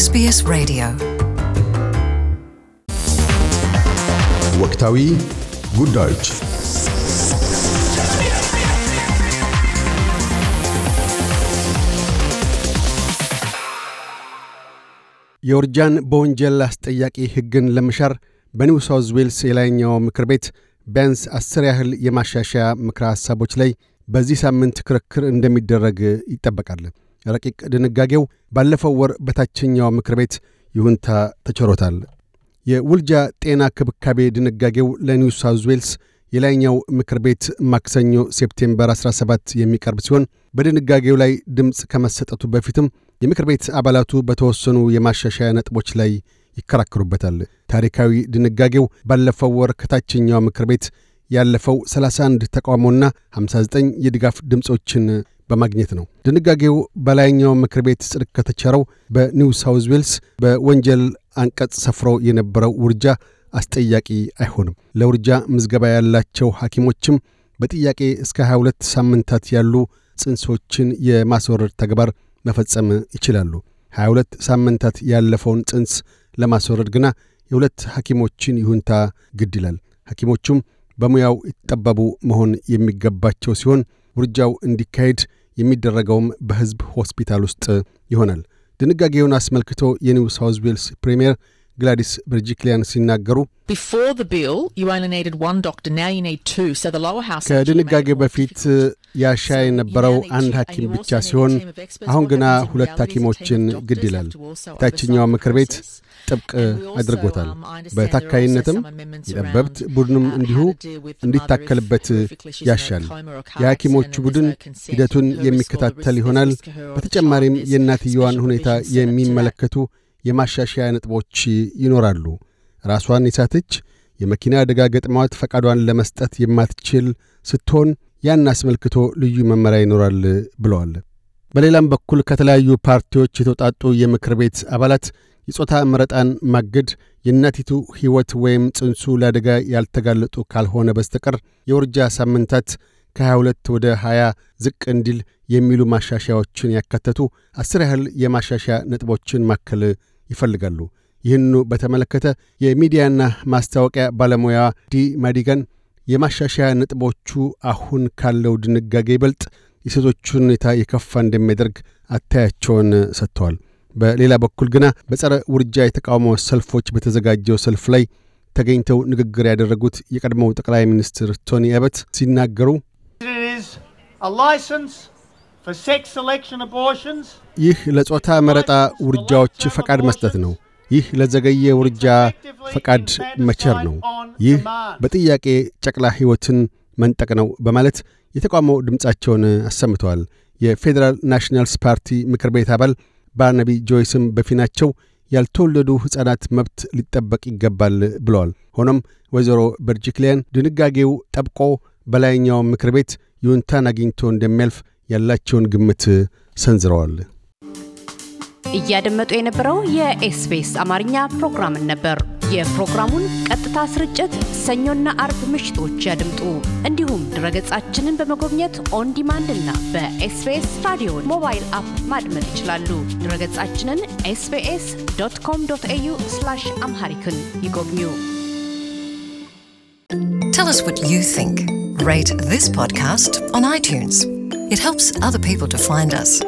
ኤስቢኤስ ሬዲዮ ወቅታዊ ጉዳዮች የውርጃን በወንጀል አስጠያቂ ሕግን ለመሻር በኒው ሳውዝ ዌልስ የላይኛው ምክር ቤት ቢያንስ አስር ያህል የማሻሻያ ምክረ ሐሳቦች ላይ በዚህ ሳምንት ክርክር እንደሚደረግ ይጠበቃል። ረቂቅ ድንጋጌው ባለፈው ወር በታችኛው ምክር ቤት ይሁንታ ተቸሮታል። የውልጃ ጤና ክብካቤ ድንጋጌው ለኒው ሳውዝ ዌልስ የላይኛው ምክር ቤት ማክሰኞ ሴፕቴምበር 17 የሚቀርብ ሲሆን በድንጋጌው ላይ ድምፅ ከመሰጠቱ በፊትም የምክር ቤት አባላቱ በተወሰኑ የማሻሻያ ነጥቦች ላይ ይከራከሩበታል። ታሪካዊ ድንጋጌው ባለፈው ወር ከታችኛው ምክር ቤት ያለፈው 31 ተቃውሞና 59 የድጋፍ ድምፆችን በማግኘት ነው። ድንጋጌው በላይኛው ምክር ቤት ጽድቅ ከተቸረው በኒው ሳውዝ ዌልስ በወንጀል አንቀጽ ሰፍሮ የነበረው ውርጃ አስጠያቂ አይሆንም። ለውርጃ ምዝገባ ያላቸው ሐኪሞችም በጥያቄ እስከ 22 ሳምንታት ያሉ ጽንሶችን የማስወረድ ተግባር መፈጸም ይችላሉ። 22 ሳምንታት ያለፈውን ጽንስ ለማስወረድ ግና የሁለት ሐኪሞችን ይሁንታ ግድ ይላል። ሐኪሞቹም በሙያው ይጠበቡ መሆን የሚገባቸው ሲሆን ውርጃው እንዲካሄድ የሚደረገውም በሕዝብ ሆስፒታል ውስጥ ይሆናል። ድንጋጌውን አስመልክቶ የኒው ሳውዝ ዌልስ ፕሪምየር ግላዲስ ብርጅክሊያን ሲናገሩ ከድንጋጌ በፊት ያሻ የነበረው አንድ ሐኪም ብቻ ሲሆን አሁን ግና ሁለት ሐኪሞችን ግድ ይላል። የታችኛው ምክር ቤት ጥብቅ አድርጎታል። um, በታካይነትም የጠበብት uh, ቡድንም እንዲሁ እንዲታከልበት ያሻል። የሐኪሞቹ ቡድን ሂደቱን የሚከታተል ይሆናል። በተጨማሪም የእናትየዋን ሁኔታ uh, የሚመለከቱ የማሻሻያ ነጥቦች ይኖራሉ። ራሷን የሳተች የመኪና አደጋ ገጥሟት ፈቃዷን ለመስጠት የማትችል ስትሆን ያን አስመልክቶ ልዩ መመሪያ ይኖራል ብለዋል። በሌላም በኩል ከተለያዩ ፓርቲዎች የተውጣጡ የምክር ቤት አባላት የጾታ መረጣን ማገድ የእናቲቱ ሕይወት ወይም ጽንሱ ለአደጋ ያልተጋለጡ ካልሆነ በስተቀር የውርጃ ሳምንታት ከ22 ወደ 20 ዝቅ እንዲል የሚሉ ማሻሻያዎችን ያካተቱ አስር ያህል የማሻሻያ ነጥቦችን ማከል ይፈልጋሉ። ይህኑ በተመለከተ የሚዲያና ማስታወቂያ ባለሙያ ዲ ማዲጋን የማሻሻያ ነጥቦቹ አሁን ካለው ድንጋጌ ይበልጥ የሴቶቹን ሁኔታ የከፋ እንደሚያደርግ አታያቸውን ሰጥተዋል። በሌላ በኩል ግና በጸረ ውርጃ የተቃውሞ ሰልፎች በተዘጋጀው ሰልፍ ላይ ተገኝተው ንግግር ያደረጉት የቀድሞው ጠቅላይ ሚኒስትር ቶኒ አበት ሲናገሩ ይህ ለጾታ መረጣ ውርጃዎች ፈቃድ መስጠት ነው። ይህ ለዘገየ ውርጃ ፈቃድ መቸር ነው። ይህ በጥያቄ ጨቅላ ሕይወትን መንጠቅ ነው በማለት የተቃውሞ ድምፃቸውን አሰምተዋል። የፌዴራል ናሽናልስ ፓርቲ ምክር ቤት አባል ባርናቢ ጆይስም በፊናቸው ያልተወለዱ ሕፃናት መብት ሊጠበቅ ይገባል ብለዋል። ሆኖም ወይዘሮ በርጂክሊያን ድንጋጌው ጠብቆ በላይኛው ምክር ቤት ይሁንታን አግኝቶ እንደሚያልፍ ያላቸውን ግምት ሰንዝረዋል። እያደመጡ የነበረው የኤስቢኤስ አማርኛ ፕሮግራምን ነበር። የፕሮግራሙን ቀጥታ ስርጭት ሰኞና አርብ ምሽቶች ያድምጡ። እንዲሁም ድረገጻችንን በመጎብኘት ኦን ዲማንድ እና በኤስቢኤስ ራዲዮ ሞባይል አፕ ማድመጥ ይችላሉ። ድረገጻችንን ኤስቢኤስ ዶት ኮም ዶት ኤዩ አምሃሪክን ይጎብኙ። ቴል አስ ዋት ዩ ቲንክ። Rate this It helps other people to find us.